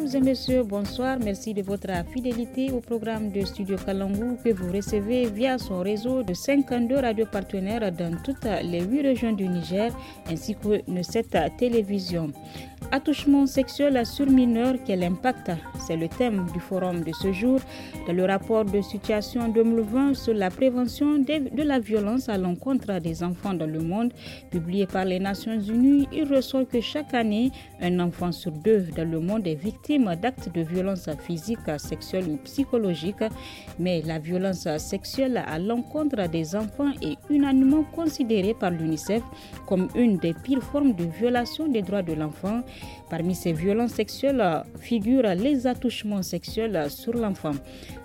Mesdames et messieurs, bonsoir. Merci de votre fidélité au programme de Studio Kalangou que vous recevez via son réseau de 52 radios partenaires dans toutes les 8 régions du Niger ainsi que nos cette télévision. Attouchement sexuel sur mineurs quel impact C'est le thème du forum de ce jour. Dans le rapport de situation 2020 sur la prévention de la violence à l'encontre des enfants dans le monde, publié par les Nations Unies, il ressort que chaque année, un enfant sur deux dans le monde est victime d'actes de violence physique, sexuelle ou psychologique, mais la violence sexuelle à l'encontre des enfants est unanimement considérée par l'UNICEF comme une des pires formes de violation des droits de l'enfant. Parmi ces violences sexuelles figurent les attouchements sexuels sur l'enfant.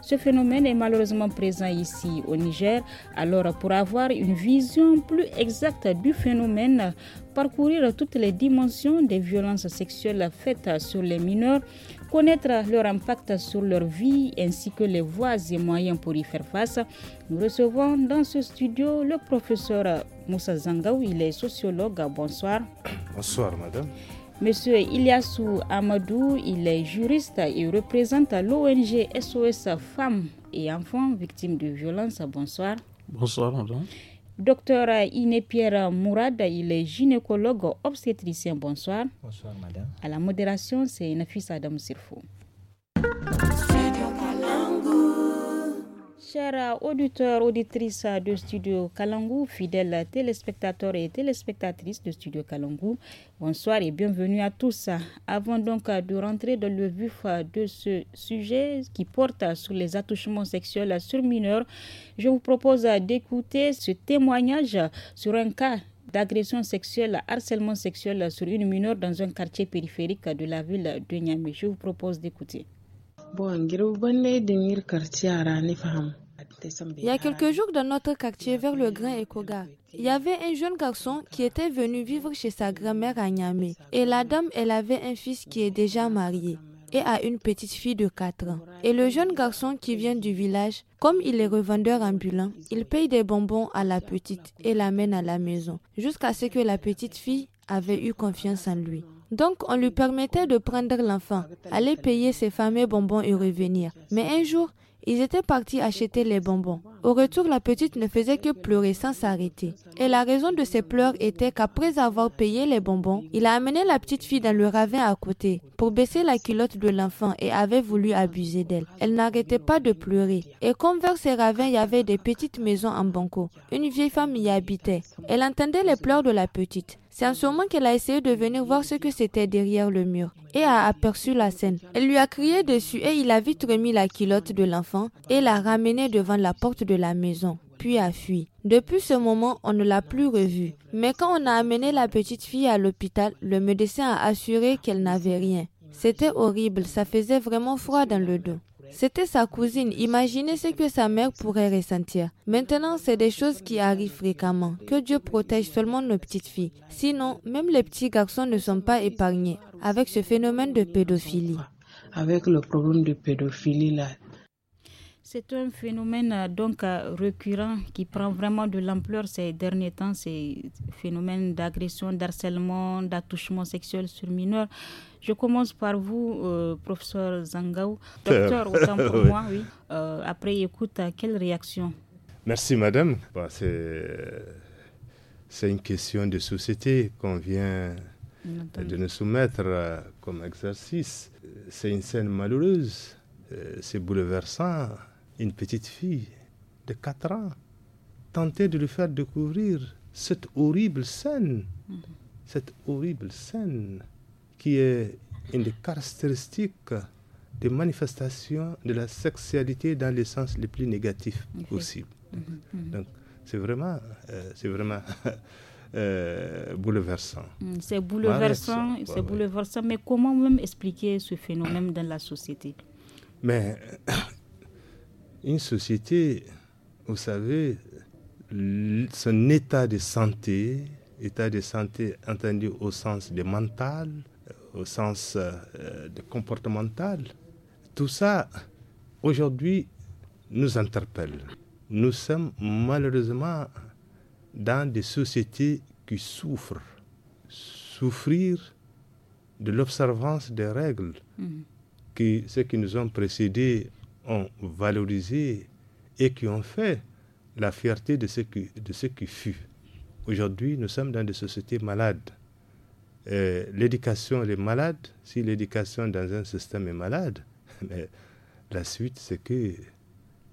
Ce phénomène est malheureusement présent ici au Niger. Alors pour avoir une vision plus exacte du phénomène, parcourir toutes les dimensions des violences sexuelles faites sur les mineurs, connaître leur impact sur leur vie ainsi que les voies et moyens pour y faire face. Nous recevons dans ce studio le professeur Moussa Zangaou, il est sociologue. Bonsoir. Bonsoir, madame. Monsieur Iliasou Amadou, il est juriste et représente l'ONG SOS Femmes et Enfants Victimes de Violence. Bonsoir. Bonsoir, madame. Docteur Iné-Pierre Mourad, il est gynécologue obstétricien. Bonsoir. Bonsoir, madame. À la modération, c'est Nafis Adam Sirfo. Chers auditeurs, auditrices de Studio Kalangou, fidèles téléspectateurs et téléspectatrices de Studio Kalangou, bonsoir et bienvenue à tous. Avant donc de rentrer dans le vif de ce sujet qui porte sur les attouchements sexuels sur mineurs, je vous propose d'écouter ce témoignage sur un cas d'agression sexuelle, harcèlement sexuel sur une mineure dans un quartier périphérique de la ville de Niamey. Je vous propose d'écouter. bon girbi de il y a quelques jours dans notre quartier vers le Grand Ekoga, il y avait un jeune garçon qui était venu vivre chez sa grand-mère à Et la dame, elle avait un fils qui est déjà marié et a une petite fille de 4 ans. Et le jeune garçon qui vient du village, comme il est revendeur ambulant, il paye des bonbons à la petite et l'amène à la maison, jusqu'à ce que la petite fille avait eu confiance en lui. Donc on lui permettait de prendre l'enfant, aller payer ses fameux bonbons et revenir. Mais un jour, ils étaient partis acheter les bonbons. Au retour, la petite ne faisait que pleurer sans s'arrêter. Et la raison de ses pleurs était qu'après avoir payé les bonbons, il a amené la petite fille dans le ravin à côté pour baisser la culotte de l'enfant et avait voulu abuser d'elle. Elle, n'arrêtait pas de pleurer. Et comme vers ces ravins, il y avait des petites maisons en banco, une vieille femme y habitait. Elle entendait les pleurs de la petite. C'est en ce moment qu'elle a essayé de venir voir ce que c'était derrière le mur et a aperçu la scène. Elle lui a crié dessus et il a vite remis la culotte de l'enfant et l'a ramené devant la porte de la maison, puis a fui. Depuis ce moment, on ne l'a plus revue. Mais quand on a amené la petite fille à l'hôpital, le médecin a assuré qu'elle n'avait rien. C'était horrible, ça faisait vraiment froid dans le dos. C'était sa cousine. Imaginez ce que sa mère pourrait ressentir. Maintenant, c'est des choses qui arrivent fréquemment. Que Dieu protège seulement nos petites filles. Sinon, même les petits garçons ne sont pas épargnés avec ce phénomène de pédophilie. Avec le problème de pédophilie, là, c'est un phénomène euh, donc euh, récurrent qui prend vraiment de l'ampleur ces derniers temps, ces phénomènes d'agression, d'harcèlement, d'attouchement sexuel sur mineurs. Je commence par vous, euh, professeur Zangaou. Docteur, autant pour moi, oui. Euh, après écoute, quelle réaction Merci, madame. Bah, c'est une question de société qu'on vient de nous soumettre euh, comme exercice. C'est une scène malheureuse, c'est bouleversant. Une petite fille de 4 ans tenter de lui faire découvrir cette horrible scène, mhm. cette horrible scène qui est une des caractéristiques des manifestations de la sexualité dans les sens les plus négatifs possible. Mhm, mhm. Donc, c'est vraiment, euh, c'est vraiment euh, bouleversant. Mm, c'est bouleversant, c'est bouleversant. Mais comment même expliquer ce phénomène dans la société Mais une société, vous savez, son état de santé, état de santé entendu au sens de mental, au sens euh, de comportemental, tout ça, aujourd'hui, nous interpelle. Nous sommes malheureusement dans des sociétés qui souffrent. Souffrir de l'observance des règles mm-hmm. qui que ceux qui nous ont précédés ont valorisé et qui ont fait la fierté de ceux qui, de ce qui fut. Aujourd'hui, nous sommes dans des sociétés malades. Euh, l'éducation, est malade. si l'éducation dans un système est malade, mais la suite, c'est que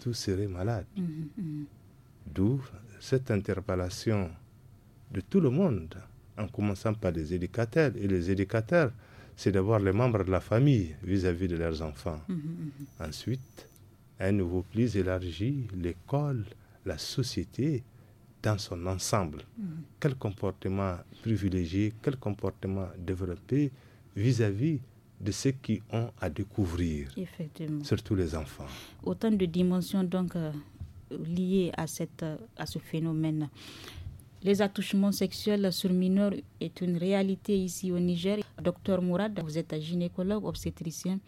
tout serait malade. Mm, mm, mm. D'où cette interpellation de tout le monde, en commençant par les éducateurs. Et les éducateurs, c'est d'abord les membres de la famille vis-à-vis de leurs enfants. Ensuite, un nouveau plus élargi, l'école, la société, dans son ensemble. Mhm. Quel comportement privilégié, quel comportement développé vis-à-vis de ceux qui ont à découvrir, surtout les enfants. Autant de dimensions donc euh, liées à, cette, euh, à ce phénomène. Les attouchements sexuels sur mineurs est une réalité ici au Niger. Docteur Mourad, vous êtes gynécologue obstétricien.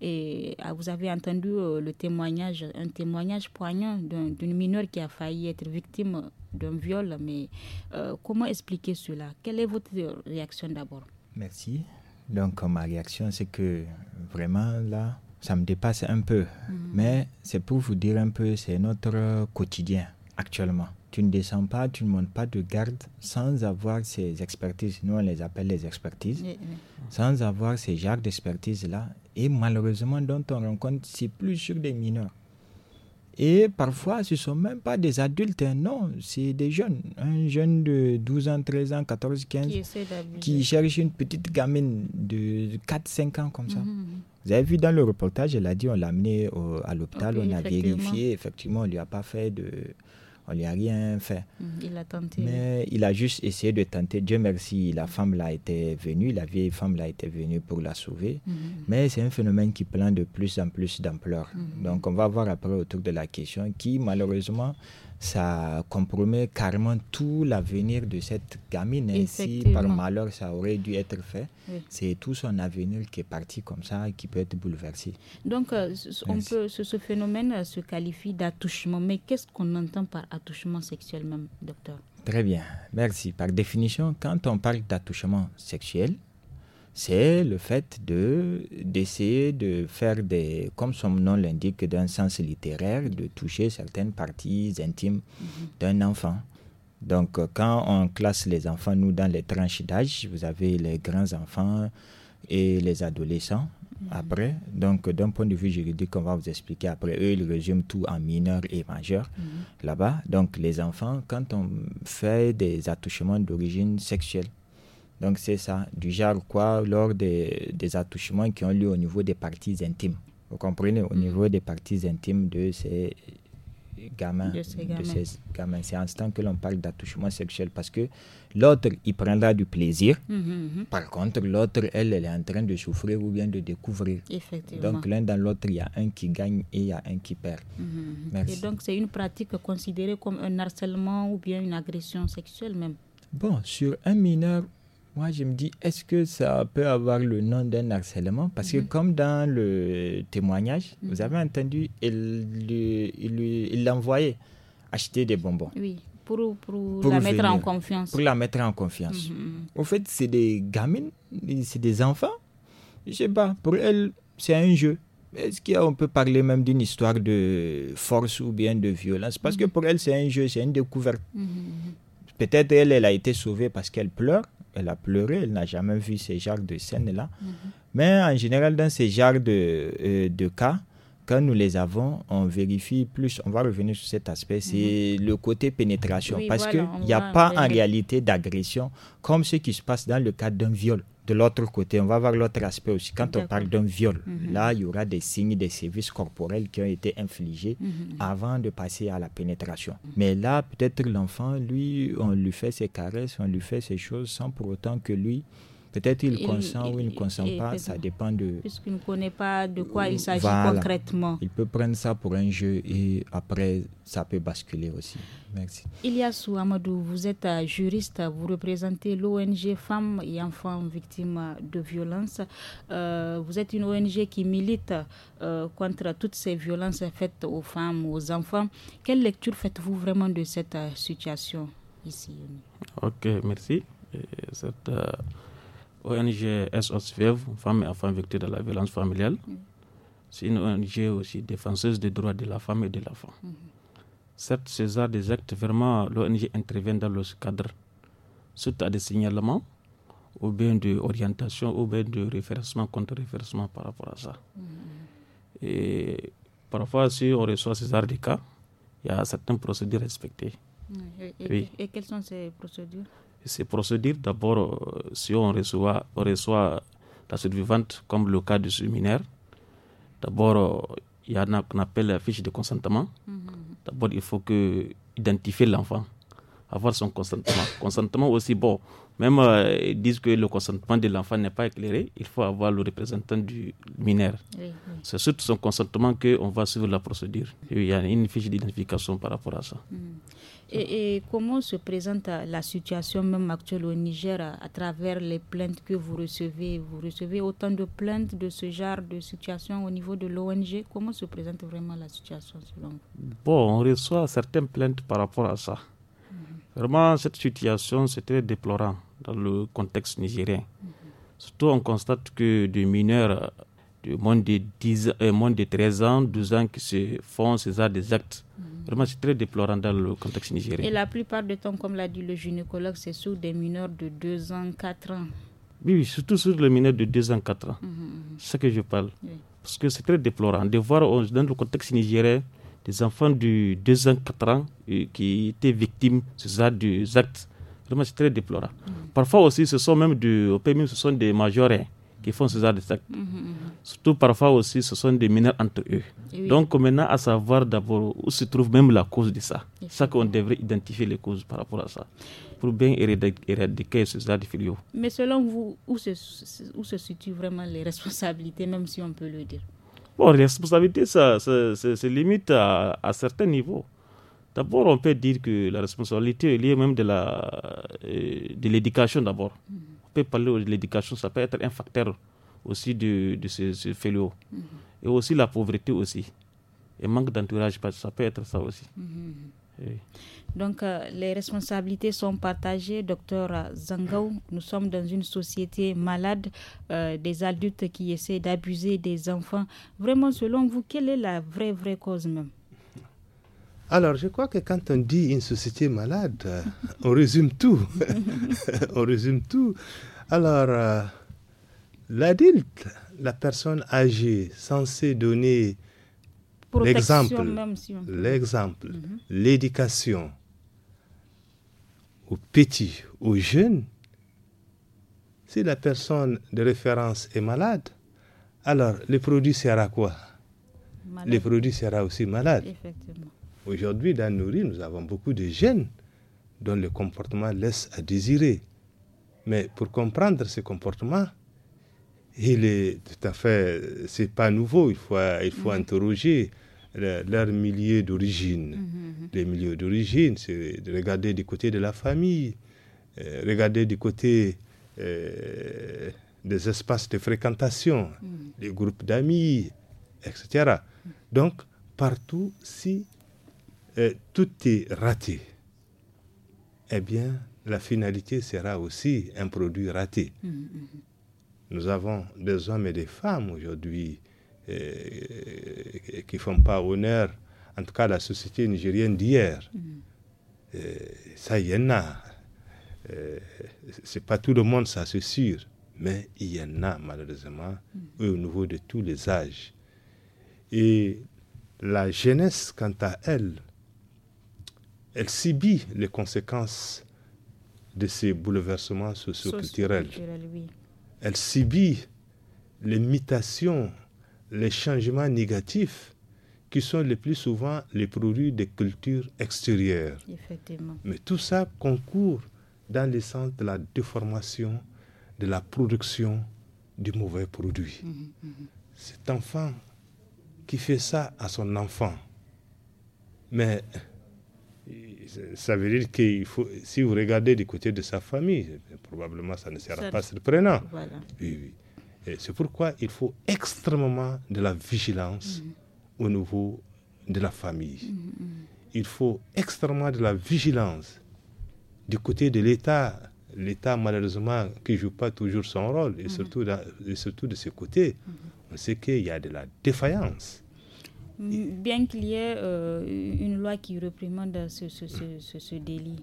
Et ah, vous avez entendu euh, le témoignage, un témoignage poignant d'une mineure qui a failli être victime d'un viol. Mais euh, comment expliquer cela Quelle est votre euh, réaction d'abord Merci. Donc ma réaction, c'est que vraiment là, ça me dépasse un peu. Mhm. Mais c'est pour vous dire un peu, c'est notre quotidien actuellement. Tu ne descends pas, tu ne montes pas de garde sans avoir ces expertises. Nous, on les appelle les expertises. Sans avoir ces genres d'expertise-là, et malheureusement dont on rencontre, c'est plus sur des mineurs. Et parfois, ce ne sont même pas des adultes, hein. non, c'est des jeunes. Un jeune de 12 ans, 13 ans, 14, 15 qui, qui cherche une petite gamine de 4-5 ans comme ça. Mhm. Vous avez vu dans le reportage, elle a dit on l'a amené à l'hôpital, on a vérifié, effectivement, on ne lui a pas fait de. On lui a rien fait. Mhm il a tenté. Mais il a juste essayé de tenter. Dieu merci, la femme l'a été venue, la vieille femme l'a été venue pour la sauver. Mhm. Mais c'est un phénomène qui prend de plus en plus d'ampleur. Mhm. Donc on va voir après autour de la question qui malheureusement ça compromet carrément tout l'avenir de cette gamine. Et si par malheur ça aurait dû être fait, c'est tout son avenir qui est parti comme ça et qui peut être bouleversé. Donc, euh, on peut, ce, phénomène euh, se qualifie d'attouchement, mais qu'est-ce qu'on entend par attouchement sexuel même Très bien, merci. Par définition, quand on parle d'attouchement sexuel, c'est le fait de d'essayer de faire des, comme son nom l'indique, d'un sens littéraire, de toucher certaines parties intimes mhm. d'un enfant. Donc, quand on classe les enfants, nous, dans les tranches d'âge, vous avez les grands enfants et les adolescents. Mhm. après. Donc, d'un point de vue juridique, on va vous expliquer après. Eux, ils résument tout en mineur et majeur mhm. là-bas. Donc, les enfants, quand on fait des attouchements d'origine sexuelle, donc c'est ça, du genre quoi, lors des, des, attouchements qui ont lieu au niveau des parties intimes. Vous comprenez, au mhm. niveau des parties intimes de ces gamins, de C'est en ce temps que l'on parle d'attouchement sexuel parce que l'autre, il prendra du plaisir. Mhm, mhm. Par contre, l'autre, elle, elle est en train de souffrir ou bien de découvrir. Donc, l'un dans l'autre, il y a un qui gagne et il y a un qui perd. Mhm, et donc, c'est une pratique considérée comme un harcèlement ou bien une agression sexuelle même. Bon, sur un mineur, moi je me dis, est-ce que ça peut avoir le nom d'un harcèlement Parce que mhm. comme dans le témoignage, vous mhm. avez entendu, il l'envoyait acheter des bonbons. Oui. Pour, la mettre en confiance. Pour la mettre en confiance. En mhm. fait, c'est des gamines, c'est des enfants. Je sais pas, pour elle, c'est un jeu. Est-ce qu'on peut parler même d'une histoire de force ou bien de violence Parce que pour elle, c'est un jeu, c'est une découverte. Peut-être elle, elle a été sauvée parce qu'elle pleure elle a pleuré, elle n'a jamais vu ces genres de scène-là. Mhm. Mais en général, dans ces genres euh, de, cas, quand nous les avons, on vérifie plus, on va revenir sur cet aspect, c'est mhm. le côté pénétration. parce que qu'il n'y a pas en réalité d'agression comme ce qui se passe dans le cadre d'un viol de l'autre côté, on va voir l'autre aspect aussi. Quand on parle d'un viol, mhm. là, il y aura des signes, des services corporels qui ont été infligés mhm. avant de passer à la pénétration. Mhm. Mais là, peut-être l'enfant, lui, on lui fait ses caresses, on lui fait ses choses sans pour autant que lui, Peut-être il, consent ou il ne consent pas, ça dépend de... Puisqu'il ne connaît pas de quoi il s'agit concrètement. Il peut prendre ça pour un jeu et après, ça peut basculer aussi. Merci. Ilyasou Amadou, vous êtes euh, juriste, vous représentez l'ONG Femmes et Enfants Victimes de Violences. Euh, vous êtes une ONG qui milite euh, contre toutes ces violences faites aux femmes, aux enfants. Quelle lecture faites-vous vraiment de cette situation ici Ok, merci. cette, ONG SOS Femmes et Enfants Victimes de la Violence Familiale. Mm. C'est une ONG aussi défenseuse des droits de la femme et de l'enfant. Mm mm-hmm. Certes, des actes, vraiment, l'ONG intervient dans le cadre suite à des signalements ou bien d'orientation ou bien de référencement contre référencement par rapport à ça. Mm-hmm. Et parfois, si on reçoit César des cas, il y a certaines procédures respectées. Mm-hmm. oui. et, quelles sont ces procédures ces procédures, d'abord, euh, si on reçoit, reçoit la survivante, comme le cas ce mineur, d'abord, euh, il y en a qu'on appelle la fiche de consentement. Mhm. D'abord, il faut que identifier l'enfant, avoir son consentement. consentement aussi, bon, même euh, ils disent que le consentement de l'enfant n'est pas éclairé, il faut avoir le représentant du mineur. C'est sur son consentement qu'on va suivre la procédure. il y a une fiche d'identification par rapport à ça. Mhm. Et, comment se présente la situation même actuelle au Niger à, travers les plaintes que vous recevez Vous recevez autant de plaintes de ce genre de situation au niveau de l'ONG Comment se présente vraiment la situation selon vous Bon, on reçoit certaines plaintes par rapport à ça. Mm-hmm. Vraiment, cette situation, c'était déplorant dans le contexte nigérien. Mm-hmm. Surtout, on constate que des mineurs euh, de moins de, euh, moins de 13 ans, 12 ans qui se font ces actes. Mm-hmm. Vraiment, c'est très déplorant dans le contexte nigérien. Et la plupart du temps, comme l'a dit le gynécologue, c'est sur des mineurs de 2 ans, 4 ans. Oui, surtout sur les mineurs de 2 ans, 4 ans. Mhm, mhm, mhm. C'est ce que je parle. Parce que c'est très déplorant de voir euh, dans le contexte nigérien des enfants de 2 ans, 4 ans euh, qui étaient victimes de ces actes. Vraiment, c'est très déplorant. Parfois aussi, ce sont même, ce sont des majorés font ce genre de mhm, mhm. Surtout parfois aussi, ce sont des mineurs entre eux. Eh Donc maintenant, à savoir d'abord où se trouve même la cause de ça. C'est Ça qu'on devrait identifier les causes par rapport à ça, pour bien éradiquer ces genre de filiaux. Mais selon vous, où se, situent vraiment les responsabilités, même si on peut le dire Bon, les responsabilités, ça, se limite à, certains niveaux. D'abord, on peut dire que la responsabilité est liée même de euh, l'éducation de d'abord. Mhm parler de l'éducation, ça peut être un facteur aussi de, de ce, mhm. Et aussi la pauvreté aussi. Et manque d'entourage, ça peut être ça aussi. Mhm, mhm. Donc euh, les responsabilités sont partagées, docteur Zangaou. Nous sommes dans une société malade, euh, des adultes qui essaient d'abuser des enfants. Vraiment, selon vous, quelle est la vraie, vraie cause même alors, je crois que quand on dit une société malade, euh, on résume tout. on résume tout. Alors, euh, l'adulte, la personne âgée, censée donner l'exemple, mhm. l'éducation aux petits, aux jeunes, si la personne de référence est malade, alors le produit sera quoi Le produit sera aussi malade. Effectivement. Aujourd'hui, dans Nourri, nous avons beaucoup de jeunes dont le comportement laisse à désirer. Mais pour comprendre ce comportement, il est tout à fait, c'est pas nouveau. Il faut, il faut mhm. interroger le, leur milieu d'origine. Mhm, mhm. Les milieux d'origine, c'est de regarder du côté de la famille, euh, regarder du côté euh, des espaces de fréquentation, des groupes d'amis, etc. Donc, partout, si euh, tout est raté, eh bien, la finalité sera aussi un produit raté. Mm, mm, mm. Nous avons des hommes et des femmes aujourd'hui euh, qui ne font pas honneur, en tout cas la société nigérienne d'hier. Euh, ça, il y en a. c'est pas tout le monde, ça c'est sûr, mais il y en a malheureusement au niveau de tous les âges. Et la jeunesse, quant à elle, elle subit les conséquences de ces bouleversements socioculturels. Socio culturels Elle subit les mutations, les changements négatifs qui sont le plus souvent les produits des cultures extérieures. Mais tout ça concourt dans le sens de la déformation, de la production du mauvais produit. Mhm, mhm. Cet enfant qui fait ça à son enfant, mais ça veut dire que si vous regardez du côté de sa famille, probablement ça ne sera pas surprenant. C'est pourquoi il faut extrêmement de la vigilance mm-hmm. au niveau de la famille. Mm-hmm, mm-hmm. Il faut extrêmement de la vigilance du côté de l'État. L'État, malheureusement, qui ne joue pas toujours son rôle, et, surtout, et surtout de ce côté. On sait qu'il y a de la défaillance Bien qu'il y ait euh, une loi qui réprimande ce, ce, ce, délit.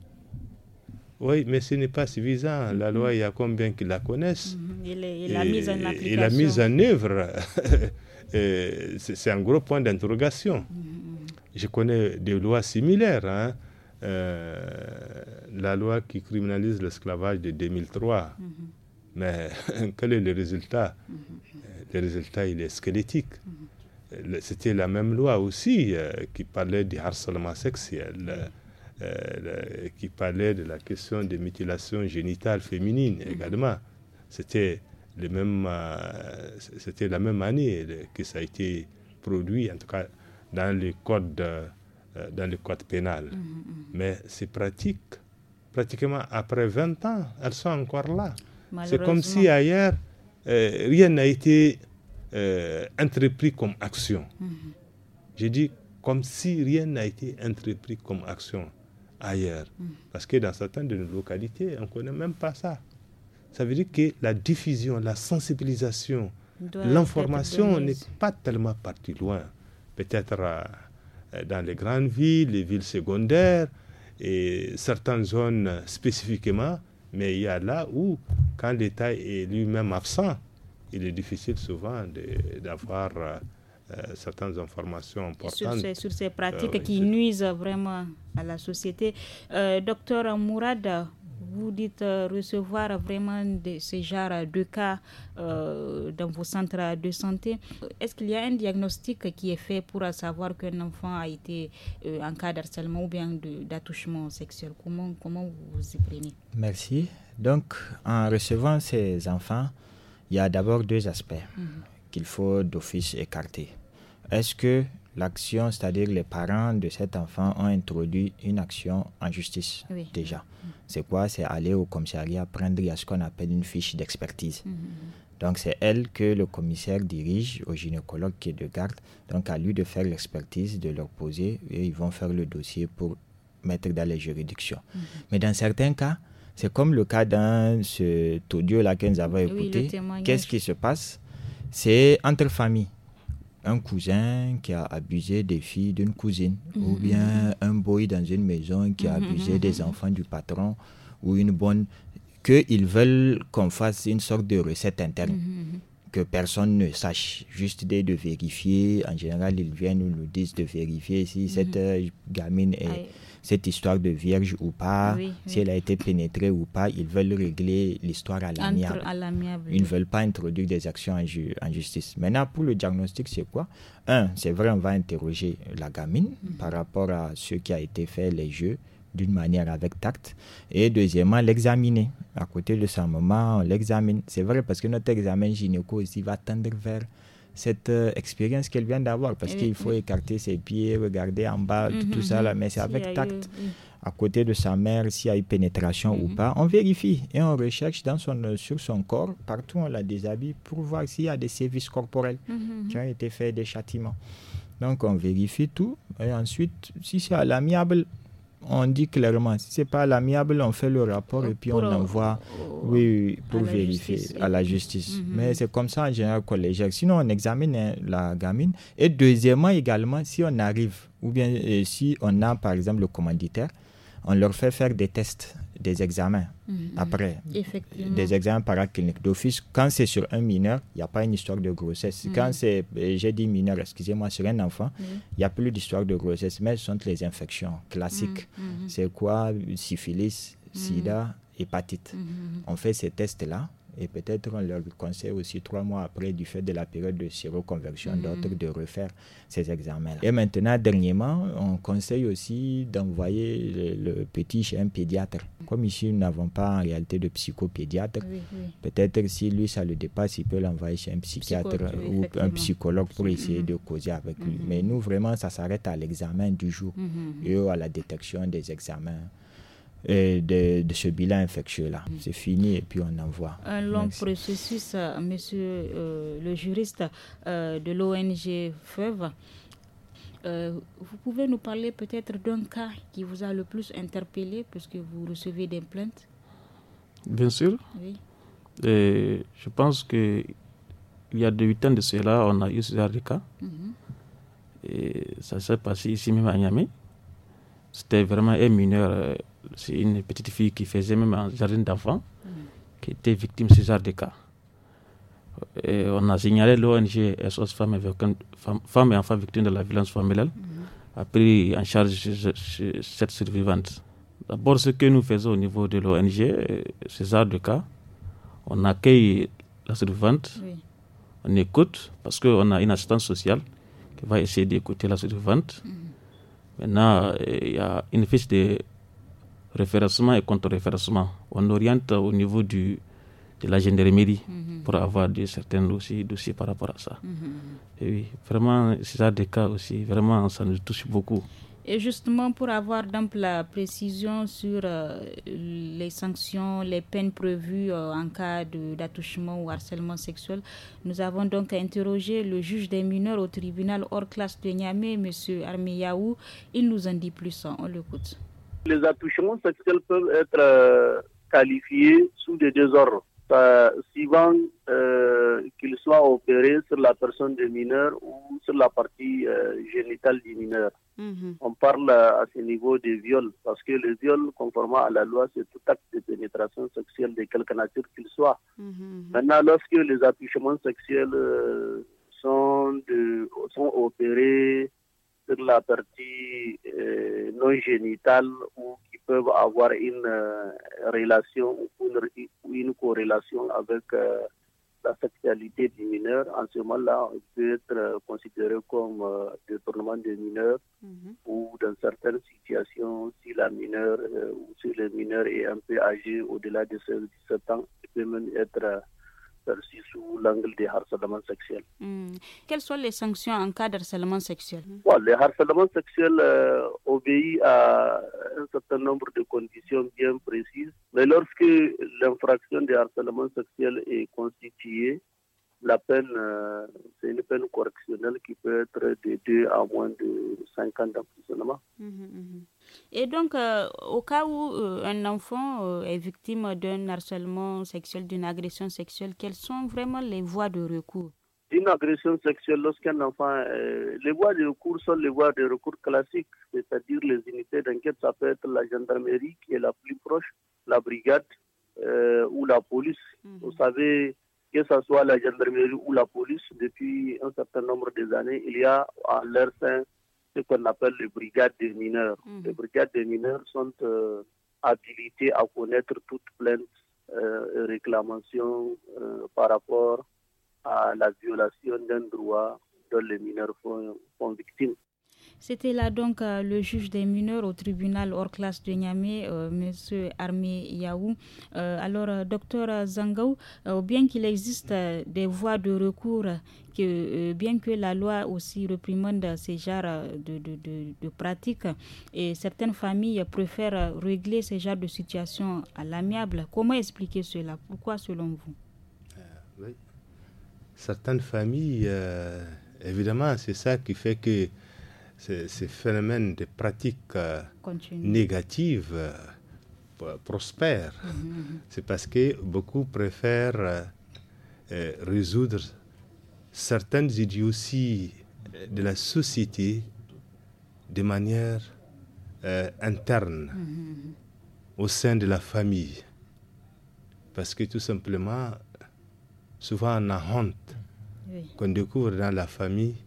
Oui, mais ce n'est pas suffisant. La mm-hmm. loi, il y a combien qui la connaissent. Mm-hmm. Et, la mise en application. Et la mise en œuvre, euh, c'est un gros point d'interrogation. Mm-hmm. Je connais des lois similaires. Hein. Euh, la loi qui criminalise l'esclavage de 2003. Mais quel est le résultat Le résultat, il est squelettique c'était la même loi aussi euh, qui parlait du harcèlement sexuel, euh, euh, qui parlait de la question des mutilations génitales féminines mhm. également. C'était le même, c'était la même année que ça a été produit, en tout cas dans le code, dans le code pénal. Mhm, mhm. Mais ces pratiques, pratiquement après 20 ans, elles sont encore là. C'est comme si ailleurs rien n'a été euh, entrepris comme action. Mhm. J'ai dit comme si rien n'a été entrepris comme action ailleurs. Mhm. Parce que dans certaines de nos localités, on ne connaît même pas ça. Ça veut dire que la diffusion, la sensibilisation, l'information n'est pas tellement partie loin. Peut-être euh, dans les grandes villes, les villes secondaires et certaines zones spécifiquement, mais il y a là où, quand l'État est lui-même absent, il est difficile souvent d'avoir euh, euh, certaines informations importantes. Sur ces, euh, pratiques qui nuisent vraiment à la société. docteur Mourad, vous dites recevoir vraiment de, ce genre de cas dans vos centres de santé. Est-ce qu'il y a un diagnostic qui est fait pour savoir qu'un enfant a été en cas d'harcèlement ou bien d'attouchement sexuel Comment, comment vous vous y prenez Merci. Donc, en recevant ces enfants, il y a d'abord deux aspects mm-hmm. qu'il faut d'office écarter. Est-ce que l'action, c'est-à-dire les parents de cet enfant ont introduit une action en justice déjà mm-hmm. C'est quoi C'est aller au commissariat prendre ce qu'on appelle une fiche d'expertise. Mm-hmm, Donc c'est elle que le commissaire dirige au gynécologue qui est de garde. Donc à lui de faire l'expertise, de leur poser et ils vont faire le dossier pour mettre dans les juridictions. Mais dans certains cas, c'est comme le cas dans ce audio-là que nous avons écouté. Qu'est-ce qui se passe C'est entre familles. Un cousin qui a abusé des filles d'une cousine, mhm. ou bien un boy dans une maison qui a mhm, abusé mhm, des enfants du patron, ou une bonne. Qu'ils veulent qu'on fasse une sorte de recette interne. que personne ne sache, juste de, de, vérifier. En général, ils viennent, nous disent de vérifier si cette euh, gamine est, cette histoire de vierge ou pas, si elle a été pénétrée ou pas, ils veulent régler l'histoire à l'amiable. Ils ne veulent pas introduire des actions en, justice. Maintenant, pour le diagnostic, c'est quoi Un, c'est vrai, on va interroger la gamine mhm. par rapport à ce qui a été fait, les jeux d'une manière avec tact. Et deuxièmement, l'examiner. À côté de sa maman, on l'examine. C'est vrai parce que notre examen gynéco aussi va tendre vers cette euh, expérience qu'elle vient d'avoir parce qu'il faut écarter ses pieds, regarder en bas, mhm, tout ça là, mhm. mais c'est avec tact. À côté de sa mère, s'il y a une pénétration ou mhm. pas, on vérifie et on recherche dans son, euh, sur son corps, partout on la déshabille pour voir s'il y a des sévices corporels qui ont été faits, des châtiments. Donc on vérifie tout et ensuite, si c'est à l'amiable, on dit clairement, si ce n'est pas l'amiable, on fait le rapport et puis on envoie oui, pour vérifier à la justice. Mhm. Mais c'est comme ça en général collégial. Sinon, on examine hein, la gamine. Et deuxièmement, également, si on arrive, ou bien euh, si on a par exemple le commanditaire, on leur fait faire des tests des examens mm-hmm. après, des examens paracliniques. D'office, quand c'est sur un mineur, il n'y a pas une histoire de grossesse. Mm-hmm. Quand c'est, euh, j'ai dit mineur, excusez-moi, sur un enfant, il n'y a plus d'histoire de grossesse, mais ce sont les infections classiques. Mm-hmm. C'est quoi Syphilis, sida, hépatite. On fait ces tests-là et peut-être on leur conseille aussi trois mois après, du fait de la période de séroconversion, mhm. d'autres de refaire ces examens-là. Et maintenant, dernièrement, on conseille aussi d'envoyer le, petit chez un pédiatre. Mhm. Comme ici, nous n'avons pas en réalité de psychopédiatre, peut-être si lui, ça le dépasse, il peut l'envoyer chez un psychiatre ou un psychologue pour mhm. essayer de causer avec lui. Mais nous, vraiment, ça s'arrête à l'examen du jour et à la détection des examens de, de, ce bilan infectieux-là. Mm. C'est fini et puis on envoie. Un long processus, euh, monsieur euh, le juriste euh, de l'ONG FEV. vous pouvez nous parler peut-être d'un cas qui vous a le plus interpellé puisque vous recevez des plaintes Bien sûr. je pense que il y a 8 ans de cela, on a eu ce cas. Mm-hmm. Et ça s'est passé ici même à Niamey. C'était vraiment un mineur c'est une petite fille qui faisait même un jardin d'enfants, mm. qui était victime de ce genre de cas. Et on a signalé l'ONG SOS Femmes femme et, Enfants Victimes de la Violence Familiale, mm-hmm. a pris en charge cette survivante. D'abord, ce que nous faisons au niveau de l'ONG, ce genre de cas, on accueille la survivante, on écoute, parce qu'on a une assistance sociale qui va essayer d'écouter la survivante. Mm-hmm. Maintenant, il y a une fiche de référencement et contre-référencement. On oriente au niveau du, de la gendarmerie mhm. pour avoir des certains dossiers, par rapport à ça. Mhm, mhm, et oui, vraiment, c'est ça des cas aussi. Vraiment, ça nous touche beaucoup. Et justement, pour avoir la précision sur euh, les sanctions, les peines prévues euh, en cas d'attouchement ou harcèlement sexuel, nous avons donc interrogé le juge des mineurs au tribunal hors classe de Niamey, M. Yaou. Il nous en dit plus, hein. on l'écoute. Les attouchements sexuels peuvent être euh, qualifiés sous des désordres, suivant euh, qu'ils soient opérés sur la personne de mineur ou sur la partie euh, génitale du mineur. Mhm. On parle à ce niveau de viol, parce que le viol, conformément à la loi, c'est tout acte de pénétration sexuelle de quelque nature qu'il soit. Mhm. Maintenant, lorsque les attouchements sexuels sont, de, sont opérés sur la partie euh, non génitale ou qui peuvent avoir une euh, relation ou une, corrélation avec euh, la sexualité du mineur, en ce moment-là, on peut être considéré comme détournement des mineurs mm-hmm. ou dans certaines situations, si la mineure ou si le mineur est un peu âgé au-delà de 17 ans, il peut même être sous l'angle des harcèlements sexuels. Hmm. Quelles sont les sanctions en cas de harcèlement sexuel Les Le harcèlement sexuel euh, obéit à un certain nombre de conditions bien précises, mais lorsque l'infraction de harcèlement sexuels est constituée, la peine, euh, c'est une peine correctionnelle qui peut être de 2 à moins de 5 ans d'emprisonnement. Mhm, mhm. Et donc, euh, au cas où euh, un enfant est victime d'un harcèlement sexuel, d'une agression sexuelle, quelles sont vraiment les voies de recours D'une agression sexuelle, lorsqu'un enfant. les voies de recours sont les voies de recours classiques, c'est-à-dire les unités d'enquête, ça peut être la gendarmerie qui est la plus proche, la brigade ou la police. Mhm. Vous savez que ce soit la gendarmerie ou la police, depuis un certain nombre années, il y a à leur sein ce qu'on appelle les brigades des mineurs. Mhm. Les brigades des mineurs sont euh, habilitées à connaître toutes plainte, euh, réclamation euh, par rapport à la violation d'un droit dont les mineurs font victime. C'était là donc euh, le juge des mineurs au tribunal hors classe de Niamey, euh, Monsieur Armé Yaou. Euh, alors, docteur Zangaou, bien qu'il existe des voies de recours, que, bien que la loi aussi réprimande ces genres de, pratiques, et certaines familles préfèrent régler ces genres de situations à l'amiable. Comment expliquer cela Pourquoi, selon vous oui. Certaines familles, évidemment, c'est ça qui fait que ces, phénomènes de pratiques euh, négatives euh, prospèrent. Mm-hmm, mm-hmm. C'est parce que beaucoup préfèrent euh, résoudre certaines idioties de la société de manière interne, mm-hmm, au sein de la famille. Parce que tout simplement, souvent on a honte qu'on découvre dans la famille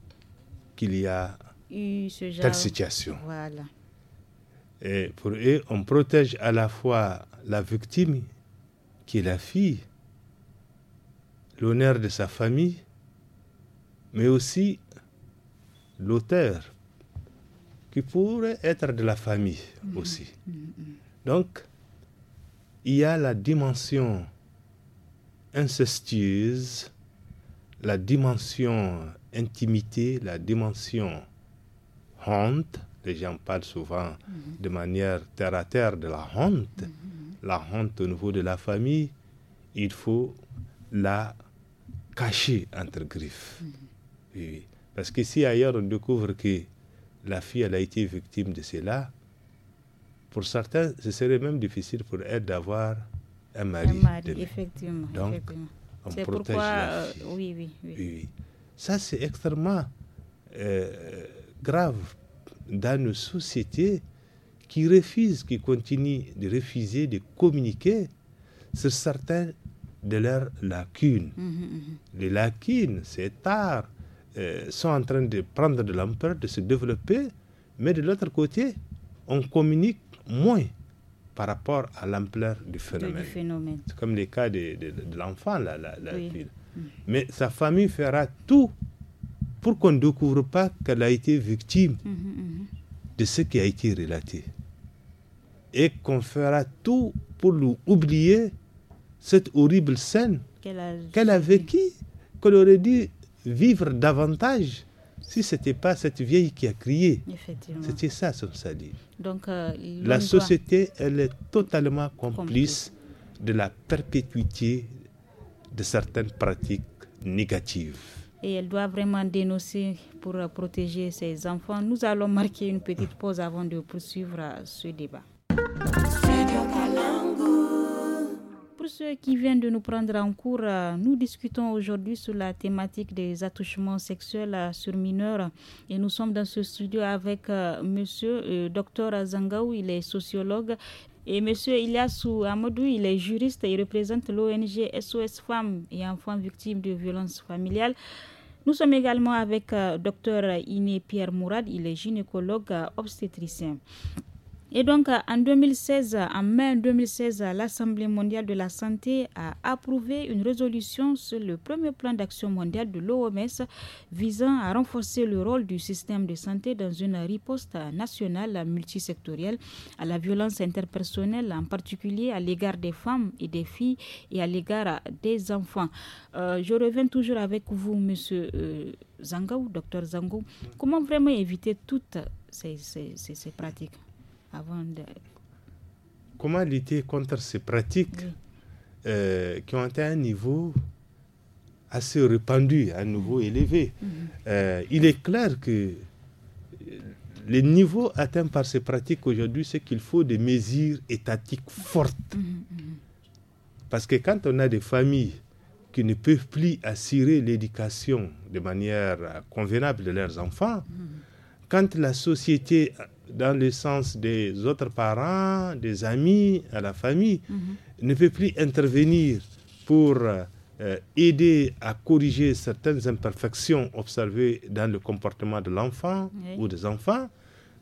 qu'il y a Telle situation. Voilà. Et pour eux, on protège à la fois la victime, qui est la fille, l'honneur de sa famille, mais aussi l'auteur, qui pourrait être de la famille mm-hmm. aussi. Mm-hmm. Donc, il y a la dimension incestueuse, la dimension intimité, la dimension honte. Les gens parlent souvent mm-hmm. de manière terre à terre de la honte. Mm-hmm. La honte au niveau de la famille, il faut la cacher entre griffes. Mm-hmm. parce que si ailleurs on découvre que la fille elle a été victime de cela, pour certains, ce serait même difficile pour elle d'avoir un mari. Un mari, effectivement. Donc, on protège pourquoi, euh, oui, oui, Ça, c'est extrêmement euh, grave dans nos sociétés qui refusent, qui continuent de refuser de communiquer sur certaines de leurs lacunes. Hum, hum, hum, les lacunes, c'est tard, euh, sont en train de prendre de l'ampleur, de se développer, mais de l'autre côté, on communique moins par rapport à l'ampleur du phénomène. C'est comme les cas de, l'enfant, la, la, Mais sa famille fera tout pour qu'on ne découvre pas qu'elle a été victime mhm, mhm. de ce qui a été relaté. Et qu'on fera tout pour oublier cette horrible scène qu'elle a, vécue, qu'elle aurait dû vivre davantage si ce n'était pas cette vieille qui a crié. C'était ça, son salut. Donc, euh, La société, elle est totalement complice de la perpétuité de certaines pratiques négatives et elle doit vraiment dénoncer pour euh, protéger ses enfants. Nous allons marquer une petite pause avant de poursuivre euh, ce débat. Pour ceux qui viennent de nous prendre en cours, euh, nous discutons aujourd'hui sur la thématique des attouchements sexuels sur mineurs et nous sommes dans ce studio avec monsieur Dr Zangaou, il est sociologue et monsieur Ilyasou Amadou, il est juriste et représente l'ONG SOS Femmes et Enfants Victimes de Violences Familiales. Nous sommes également avec euh, Dr Iné Pierre Mourad, il est gynécologue euh, obstétricien. Et donc en 2016, en mai 2016, l'Assemblée mondiale de la santé a approuvé une résolution sur le premier plan d'action mondial de l'OMS visant à renforcer le rôle du système de santé dans une riposte nationale multisectorielle à la violence interpersonnelle, en particulier à l'égard des femmes et des filles et à l'égard des enfants. Euh, je reviens toujours avec vous, Monsieur euh, Zanga ou Docteur Zangou. Comment vraiment éviter toutes ces pratiques? avant de... Comment lutter contre ces pratiques euh, qui ont atteint un niveau assez répandu, un niveau élevé mhm. euh, Il est clair que les niveaux atteints par ces pratiques aujourd'hui, c'est qu'il faut des mesures étatiques fortes. Mhm, mhm. Parce que quand on a des familles qui ne peuvent plus assurer l'éducation de manière convenable de leurs enfants, quand la société dans le sens des autres parents, des amis, à la famille, mhm. ne peut plus intervenir pour euh, aider à corriger certaines imperfections observées dans le comportement de l'enfant ou des enfants,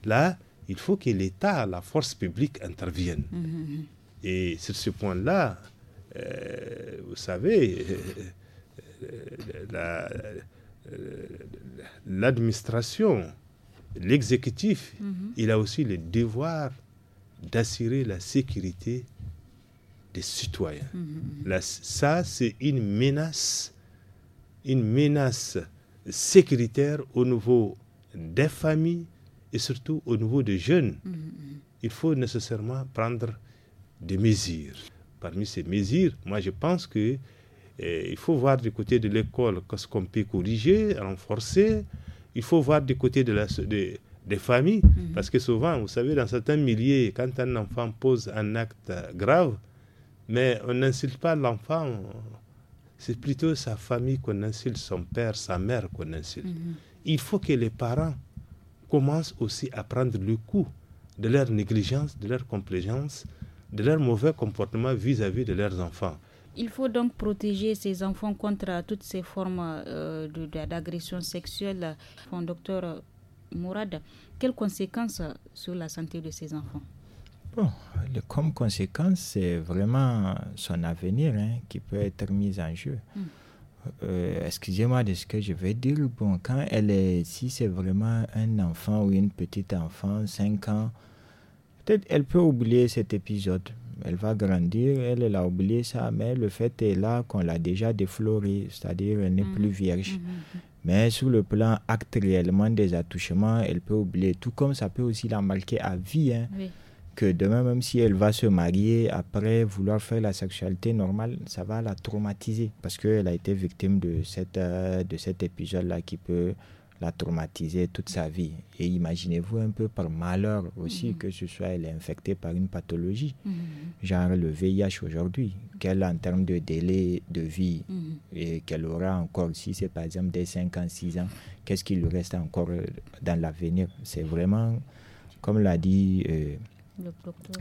là, il faut que l'État, la force publique intervienne. Mhm, mhm. Et sur ce point-là, euh, vous savez, euh, l'administration l'exécutif, mhm. il a aussi le devoir d'assurer la sécurité des citoyens. Mhm, mhm, ça, c'est une menace, une menace sécuritaire au niveau des familles et surtout au niveau des jeunes. Il faut nécessairement prendre des mesures. Parmi ces mesures, moi je pense que eh, il faut voir du côté de l'école ce qu'on peut corriger, renforcer, il faut voir du côté de des familles, mhm. parce que souvent, vous savez, dans certains milieux, quand un enfant pose un acte grave, mais on n'insulte pas l'enfant, c'est plutôt sa famille qu'on insulte, son père, sa mère qu'on insulte. Mhm. Il faut que les parents commencent aussi à prendre le coup de leur négligence, de leur complaisance, de leur mauvais comportement vis à -vis de leurs enfants. Il faut donc protéger ces enfants contre toutes ces formes euh, d'agression sexuelle. Bon, docteur Mourad, quelles conséquences sur la santé de ces enfants Bon, comme conséquence, c'est vraiment son avenir hein, qui peut être mis en jeu. Hmm. Euh, excusez-moi de ce que je vais dire. Bon, quand elle est, si c'est vraiment un enfant ou une petite enfant, 5 ans, peut-être elle peut oublier cet épisode elle va grandir, elle, elle a oublié ça, mais le fait est là qu'on l'a déjà déflorée, c'est-à-dire elle n'est mm. plus vierge. Mm, mm, mais sur le plan actuellement des attouchements, elle peut oublier, tout comme ça peut aussi la marquer à vie. Hein. Que demain, même si elle va se marier, après vouloir faire la sexualité normale, ça va la traumatiser parce qu'elle a été victime de, cette, euh, de cet épisode-là qui peut l'a traumatisé toute sa vie. Et imaginez-vous un peu par malheur aussi mhm. que ce soit elle est infectée par une pathologie, mhm. genre le VIH aujourd'hui, qu'elle en termes de délai de vie mhm. et qu'elle aura encore, si c'est par exemple des 5 ans, 6 ans, qu'est-ce qu'il lui reste encore dans l'avenir C'est vraiment, comme l'a dit... Euh,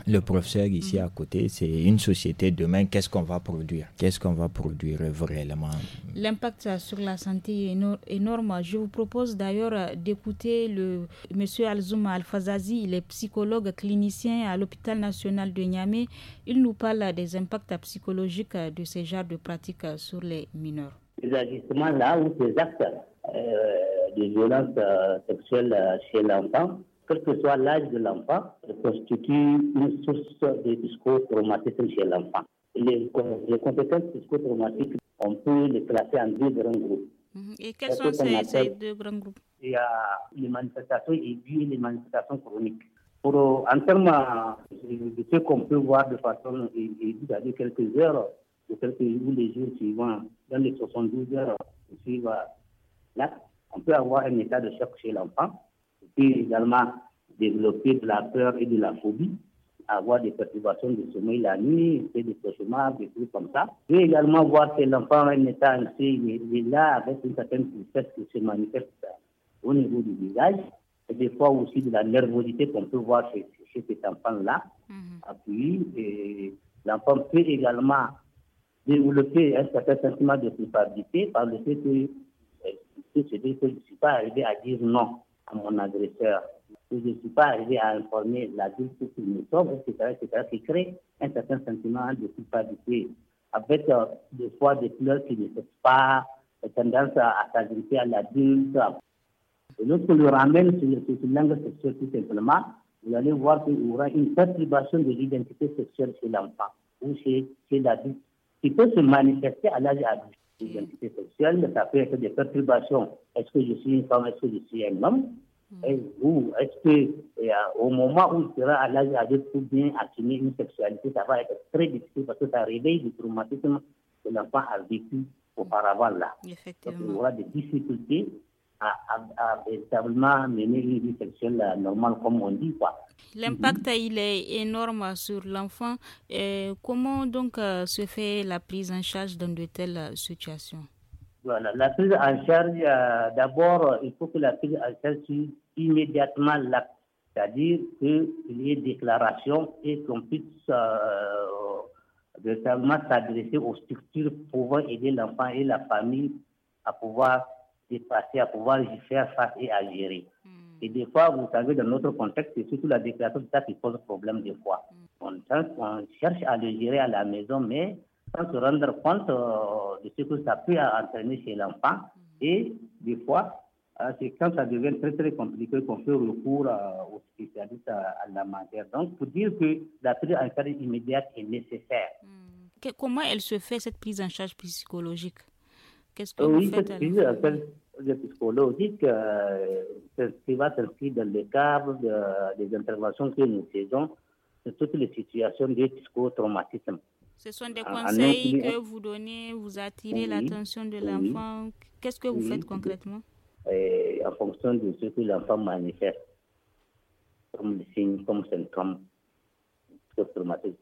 le, professeur ici mhm. à côté, c'est une société demain. Qu'est-ce qu'on va produire Qu'est-ce qu'on va produire vraiment L'impact euh, sur la santé est énorme. Je vous propose d'ailleurs euh, d'écouter le monsieur Alzouma Alfazazi, il est psychologue clinicien à l'hôpital national de Niamey. Il nous parle des impacts psychologiques euh, de ces genres de pratiques sur les mineurs. Ces là ou ces actes de violence chez l'enfant quel que soit l'âge de l'enfant, constitue une source de discours psychotraumatisme chez l'enfant. Les, les compétences psychotraumatiques, on peut les classer en deux grands groupes. Mhm. Et quels sont ces, deux grands groupes Il y a les manifestations aiguës et les manifestations chroniques. Pour, euh, en termes euh, de ce qu'on peut voir de façon aiguë, à quelques heures, ou quelques heures, les jours suivants, dans les 72 heures suivant là, on peut avoir un état de choc chez l'enfant peut également développer de la peur et de la phobie, avoir des perturbations de sommeil la nuit, des cauchemars, des trucs comme ça. peut également voir que l'enfant, en état anxieux, il est là avec une certaine tristesse qui se manifeste au niveau du visage, et des fois aussi de la nervosité qu'on peut voir chez, cet enfant-là. Mm l'enfant peut également développer un certain sentiment de culpabilité par le fait que, euh, que je ne suis pas arrivé à dire non à mon agresseur. je ne suis pas arrivé à informer l'adulte qui me sauve, etc., etc., qui crée un certain sentiment de culpabilité, avec euh, des fois des couleurs qui ne sont pas, tendance à, s'agripper à l'adulte. Et lorsqu'on le ramène sur, le, langue sexuelle, tout simplement, vous allez voir qu'il y aura une perturbation de l'identité sexuelle chez l'enfant ou chez l'adulte qui peut se manifester à l'âge adulte l'identité mmh. sexuelle, mais ça peut être des perturbations. Est-ce que je suis une femme, est-ce que je suis un homme mmh. est-ce que au moment où il sera à l'âge adulte ou bien assumer une sexualité, ça va être très difficile parce que ça réveille du traumatisme que l'enfant a vécu auparavant là. Donc, il y aura des difficultés à, véritablement mener une vie sexuelle euh, normale, comme on dit. Quoi. L'impact, euh, il est énorme sur l'enfant. comment donc euh, se fait la prise en charge dans de telles situations voilà, la prise en charge, d'abord, il faut que la prise en charge soit immédiatement là. C'est-à-dire qu'il y ait déclaration et qu'on puisse véritablement s'adresser aux structures pouvant aider l'enfant et la famille à pouvoir de passer à pouvoir y faire face et à gérer. Hmm. Et des fois, vous savez, dans notre contexte, c'est surtout la déclaration ça qui pose problème des fois. Hmm. On, cherche à le gérer à la maison, mais sans se rendre compte euh, de ce que ça peut entraîner chez l'enfant. Hmm. Et des fois, euh, c'est quand ça devient très très compliqué qu'on fait recours euh, aux spécialistes à, la matière. Donc, pour dire que la prise en charge immédiate est nécessaire. comment elle se fait cette prise en charge psychologique euh, oui, c'est faites je euh? psychologique, euh, ce qui va s'inscrire dans les cadres des interventions que nous faisons sur toutes les situations de psychotraumatisme. Ce sont des conseils que vous donnez, vous attirez l'attention de l'enfant. Qu'est-ce que vous faites concrètement En fonction de ce que l'enfant manifeste, comme signe, comme symptôme, psychotraumatisme,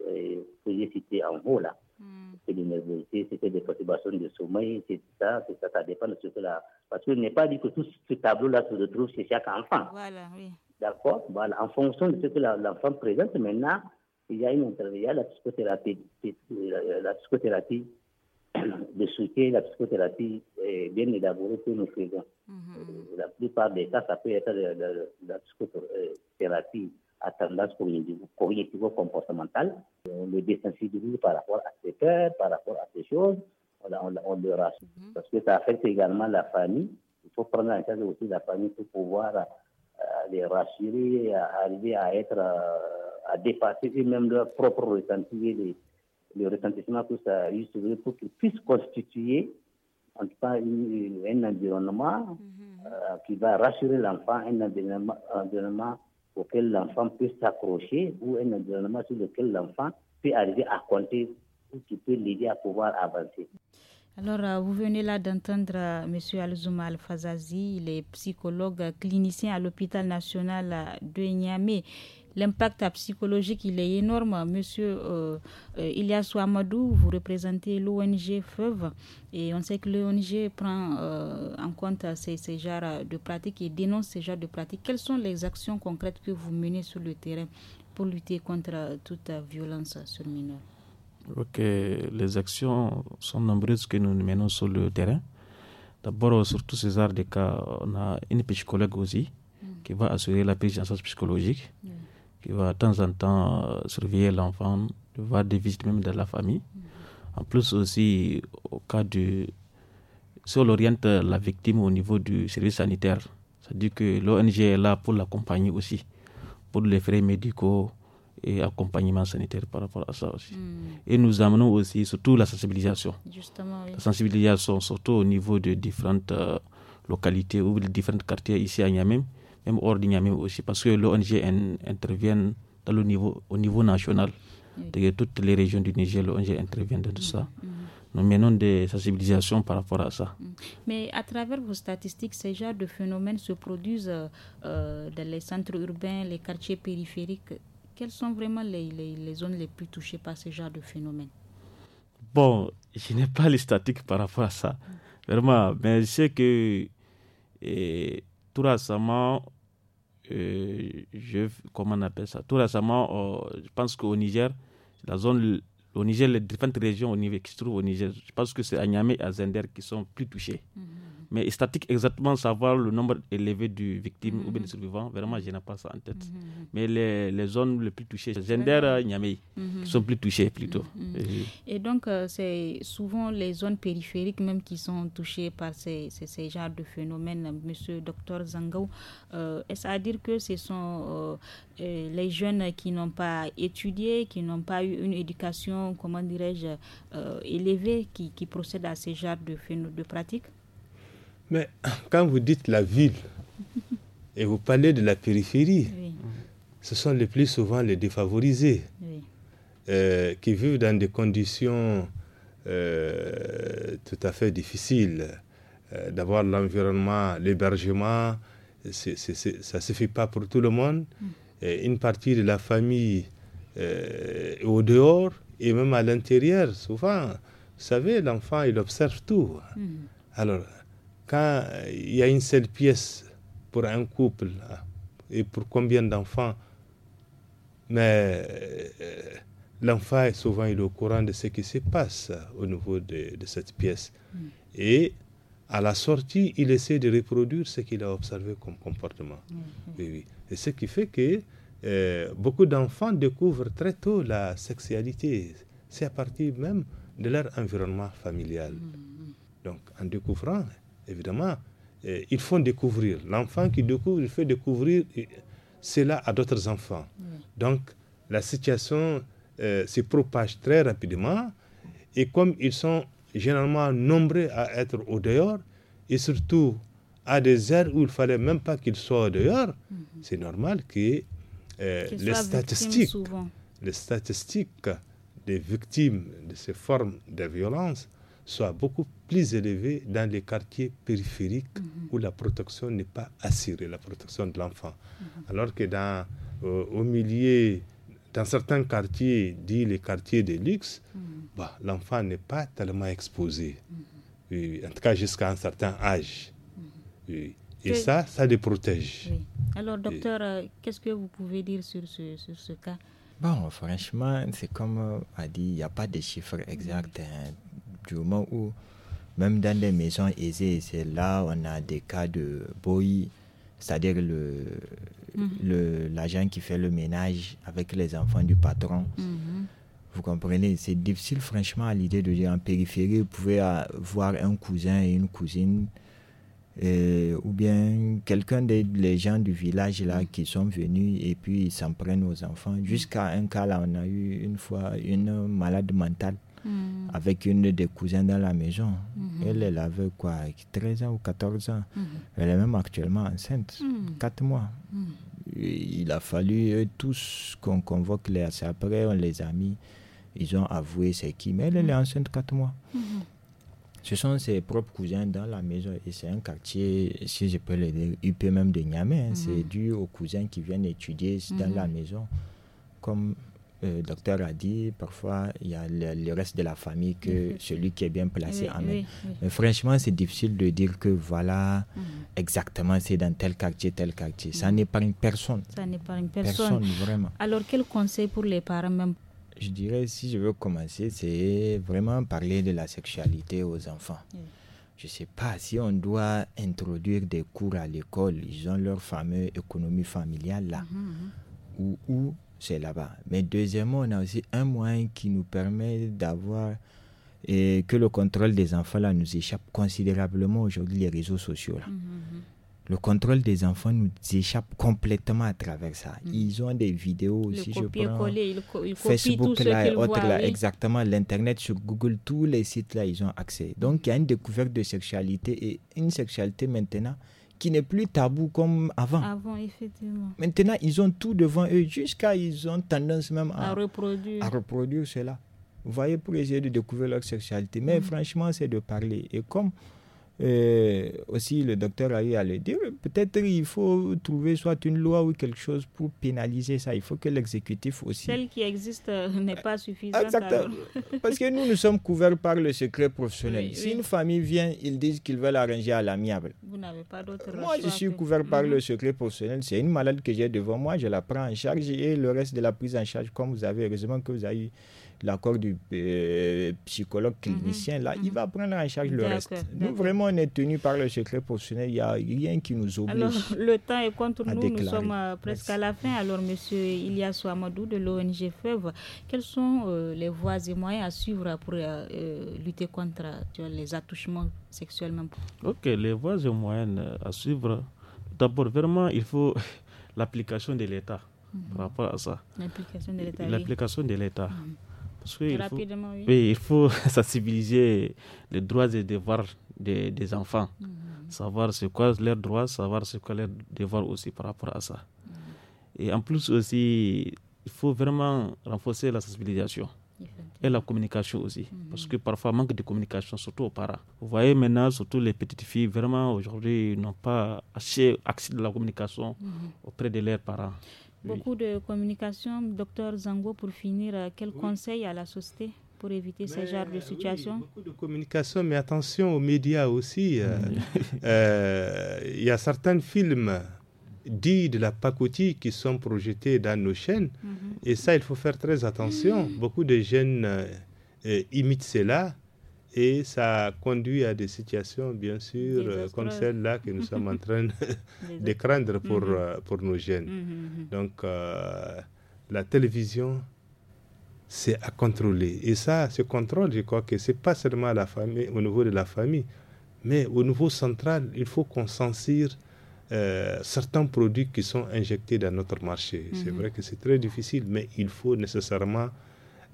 que j'ai cité en haut là. Hmm. C'est des nervosité, c'était des perturbations de sommeil, c'est ça, ça, dépend de ce que là. Parce qu'il n'est pas dit que tout ce tableau-là se retrouve chez chaque enfant. Voilà, oui. D'accord Voilà, en fonction de ce que l'enfant présente, maintenant, il y a une intervention, la psychothérapie, euh, la psychothérapie de soutien, la psychothérapie est bien élaborée pour nous présents. Mhm. Euh, la plupart des cas, ça peut être la, la psychothérapie euh, à tendance cognitivo-comportementale. On le désensibilise par rapport à ses peurs, par rapport à ces choses. On, le rassure. Mm-hmm. Parce que ça affecte également la famille. Il faut prendre en charge aussi la famille pour pouvoir euh, les rassurer, arriver à être, euh, à dépasser eux-mêmes leurs propres ressentis les, les ressentissements que ça a pour qu'ils puissent constituer en tout cas un environnement mm-hmm. euh, qui va rassurer l'enfant, un environnement auquel l'enfant peut s'accrocher ou un environnement sur lequel l'enfant peut arriver à compter ou qui peut l'aider à pouvoir avancer. Alors, euh, vous venez là d'entendre euh, M. Alzouma Al-Fazazi, il est psychologue clinicien à l'hôpital national de Niamey l'impact psychologique, il est énorme. Monsieur euh, euh Ouamadou, vous représentez l'ONG FEUV et on sait que l'ONG prend euh, en compte ces, ces genres de pratiques et dénonce ces genres de pratiques. Quelles sont les actions concrètes que vous menez sur le terrain pour lutter contre toute violence sur mineurs Ok, les actions sont nombreuses que nous menons sur le terrain. D'abord, sur tous ces arts de cas, on a une petite collègue aussi mm. qui va assurer la prise en charge psychologique. Mm qui va de temps en temps euh, surveiller l'enfant, voir des visites même de la famille. Mm-hmm. En plus aussi, au cas de, Si on oriente la victime au niveau du service sanitaire, c'est-à-dire que l'ONG est là pour l'accompagner aussi, pour les frais médicaux et accompagnement sanitaire par rapport à ça aussi. Mm. Et nous amenons aussi surtout la sensibilisation. Justement, La sensibilisation surtout au niveau de différentes euh, localités ou de différents quartiers ici à Niamey même hors aussi, parce que l'ONG intervient le niveau, au niveau national. toutes les régions du Niger, l'ONG intervient dans tout ça. Mm-hmm. Mm-hmm. Nous menons des sensibilisations par rapport à ça. Mm-hmm. Mais à travers vos statistiques, ces genres de phénomènes se produisent euh, dans les centres urbains, les quartiers périphériques. Quelles sont vraiment les, zones les plus touchées par ces genres de phénomènes Bon, je n'ai pas les statistiques par rapport à ça, mm. vraiment. Mais je sais que et, tout récemment, je, comment on appelle ça Tout récemment, euh, je pense qu'au Niger, la zone au Niger, les différentes régions au niveau, qui se trouvent au Niger, je pense que c'est Agname et Azender qui sont plus touchés mhm. Mais statique, exactement savoir le nombre élevé de victimes ou de mhm. survivants, vraiment, je n'ai pas ça en tête. Mhm, mhm, Mais les, les, zones les plus touchées, Zender, euh, Niamey, qui sont plus touchées plutôt. Et donc, euh, c'est souvent les zones périphériques même qui sont touchées par ces, ces, genres de phénomènes, monsieur docteur Zangaou. Euh, est-ce à dire que ce sont les jeunes qui n'ont pas étudié, qui n'ont pas eu une éducation, comment dirais-je, élevée, qui, qui procèdent à ces genres de, de pratiques mais quand vous dites la ville et vous parlez de la périphérie, ce sont les plus souvent les défavorisés euh, qui vivent dans des conditions euh, tout à fait difficiles. Euh, d'avoir l'environnement, l'hébergement, ça ne suffit pas pour tout le monde. Mm. Et une partie de la famille au dehors et même à l'intérieur, souvent, vous savez, l'enfant, il observe tout. Mm. Alors, quand euh, il y a une seule pièce pour un couple hein, et pour combien d'enfants, mais euh, l'enfant est souvent il au courant de ce qui se passe au niveau de, cette pièce. Mm. Et à la sortie, il essaie de reproduire ce qu'il a observé comme comportement. Mm-hmm. Oui, oui. Et ce qui fait que euh, beaucoup d'enfants découvrent très tôt la sexualité. C'est à partir même de leur environnement familial. Mm-hmm. Donc, en découvrant, évidemment, eh, ils font découvrir. L'enfant qui découvre, il fait découvrir cela à d'autres enfants. Donc, la situation eh, se propage très rapidement. Et comme ils sont généralement nombreux à être au dehors, et surtout à des aires où il ne fallait même pas qu'ils soient au dehors, mhm. c'est normal que eh, les, statistiques, les statistiques des victimes de ces formes de violence soit beaucoup plus élevé dans les quartiers périphériques mhm. où la protection n'est pas assurée, la protection de l'enfant. Mhm. Alors que dans, euh, au milieu, dans certains quartiers, dit les quartiers de luxe, mhm. bah, l'enfant n'est pas tellement exposé. en tout cas, jusqu'à un certain âge. Et ça, ça les protège. Alors, docteur, euh, qu'est-ce que vous pouvez dire sur ce, sur ce cas Bon, franchement, c'est comme euh, a dit, il n'y a pas de chiffres exacts. Hein du moment où, même dans des maisons aisées, c'est là on a des cas de boy, c'est-à-dire le, mhm. l'agent qui fait le ménage avec les enfants du patron. Mhm. Vous comprenez, c'est difficile franchement à l'idée de dire en périphérie, vous pouvez voir un cousin et une cousine. Euh, ou bien quelqu'un des les gens du village là mhm. qui sont venus et puis ils s'en prennent aux enfants. Jusqu'à un cas là, on a eu une fois une malade mentale Mm. avec une des cousins dans la maison. Mm-hmm. Elle, elle avait quoi, 13 ans ou 14 ans. Mm-hmm. Elle est même actuellement enceinte, 4 mm. mois. Mm. Il a fallu eux tous qu'on convoque les Après, on les a mis. Ils ont avoué c'est qui. Mais elle, elle est enceinte 4 mois. Mm-hmm. Ce sont ses propres cousins dans la maison. Et c'est un quartier, si je peux le dire, UP même de Niamey. Hein. C'est dû aux cousins qui viennent étudier dans la maison. Comme le docteur a dit, parfois, il y a le, reste de la famille que mhm. celui qui est bien placé amène. Mais franchement, c'est difficile de dire que voilà, mhm. exactement, c'est dans tel quartier, tel quartier. Ça mhm. n'est pas une personne. Ça n'est pas personne. Personne, vraiment. Alors, quel conseil pour les parents même Je dirais, si je veux commencer, c'est vraiment parler de la sexualité aux enfants je ne sais pas si on doit introduire des cours à l'école. Ils ont leur fameux économie familiale là, Ou là-bas. Mais deuxièmement, on a aussi un moyen qui nous permet d'avoir et que le contrôle des enfants là nous échappe considérablement aujourd'hui les réseaux sociaux là. Mmh, mmh, mmh. Le contrôle des enfants nous échappe complètement à travers ça. Ils ont des vidéos aussi, je prends Facebook là et autres là, exactement, l'internet sur Google, tous les sites là, ils ont accès. Donc il y a une découverte de sexualité et une sexualité maintenant qui n'est plus tabou comme avant. Avant, effectivement. Maintenant, ils ont tout devant eux, jusqu'à ils ont tendance même à, reproduire. cela. Vous voyez, pour essayer de découvrir leur sexualité. Mais mm. franchement, c'est de parler. Et comme aussi, le docteur a eu à le dire, peut-être il faut trouver soit une loi ou quelque chose pour pénaliser ça. Il faut que l'exécutif aussi. Celle qui existe euh, n'est pas suffisante. Exactement. Parce que nous, nous sommes couverts par le secret professionnel. si une famille vient, ils disent qu'ils veulent arranger à l'amiable. Vous n'avez pas d'autre Moi, je suis couvert par le mhm. secret professionnel. C'est une malade que j'ai devant moi, je la prends en charge et le reste de la prise en charge, comme vous avez, heureusement que vous avez eu l'accord du euh, psychologue clinicien, là, il mhm. va prendre en charge le reste. Nous, vraiment, on est tenus par le secret professionnel. Il n'y a rien qui nous oblige. Alors, le temps est contre nous. Nous sommes euh, presque à la fin. Alors, monsieur Ilyas Amadou de l'ONG FEV, quelles sont euh, les voies et moyens à suivre pour lutter contre les attouchements sexuels même Ok, les voies et moyens à suivre, d'abord, vraiment, il faut l'application de l'État par mhm. rapport à ça. L'application de l'État. L'application de l'État. Mhm il faut, oui. il faut sensibiliser les droits et devoirs des, des enfants. Mm-hmm. Savoir ce quoi leurs droits, savoir ce quoi leurs devoirs aussi par rapport à ça. Mm-hmm. Et en plus aussi, il faut vraiment renforcer la sensibilisation et la communication aussi. Mm-hmm. Parce que parfois, manque de communication, surtout aux parents. Vous voyez maintenant, surtout les petites filles, vraiment aujourd'hui, n'ont pas assez accès à la communication auprès de leurs parents. Beaucoup de communication. Docteur Zango, pour finir, euh, quel conseils conseil à la société pour éviter ce genre de euh, situation Beaucoup de communication, mais attention aux médias aussi. Euh, il y a certains films dits de la pacotille qui sont projetés dans nos chaînes. Mhm. Et ça, il faut faire très attention. Mhm. Beaucoup de jeunes imitent cela et ça conduit à des situations, bien sûr, euh, comme celle-là que nous sommes en train de craindre pour, mm-hmm. euh, pour nos jeunes. Mm-hmm, mm-hmm. Donc, euh, la télévision, c'est à contrôler. Et ça, ce contrôle, je crois que ce n'est pas seulement la famille, au niveau de la famille, mais au niveau central, il faut qu'on censure certains produits qui sont injectés dans notre marché. C'est vrai que c'est très difficile, mais il faut nécessairement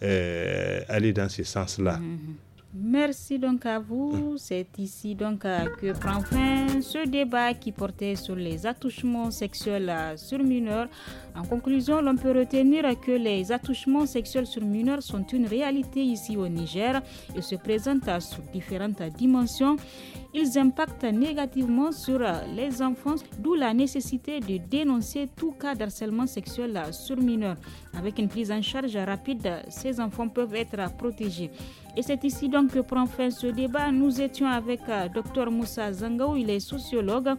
aller dans ce sens-là. Merci donc à vous. C'est ici donc que prend fin ce débat qui portait sur les attouchements sexuels sur mineurs. En conclusion, l'on peut retenir que les attouchements sexuels sur mineurs sont une réalité ici au Niger et se présentent sous différentes dimensions ils impactent négativement sur euh, les enfants, d'où la nécessité de dénoncer tout cas d'harcèlement sexuel euh, sur mineurs. Avec une prise en charge rapide, euh, ces enfants peuvent être protégés. Et c'est ici donc que prend fin ce débat. Nous étions avec Dr Moussa Zangaou, il est sociologue.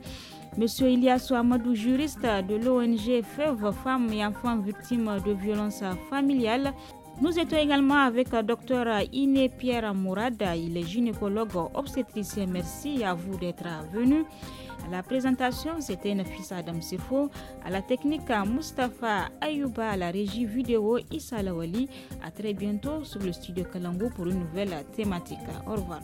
Monsieur Ilias Amadou, juriste de l'ONG FEV, Femmes et Enfants Victimes de Violences Familiales. Nous étions également avec le euh, docteur Iné Pierre Amourada, il est gynécologue obstétricien. Merci à vous d'être venu. À la présentation, c'était Nafisa Adam Sefo. À la technique, Mustapha Ayouba. À la régie vidéo, Issa Lawali. À très bientôt sur le studio Kalango pour une nouvelle thématique. Au revoir.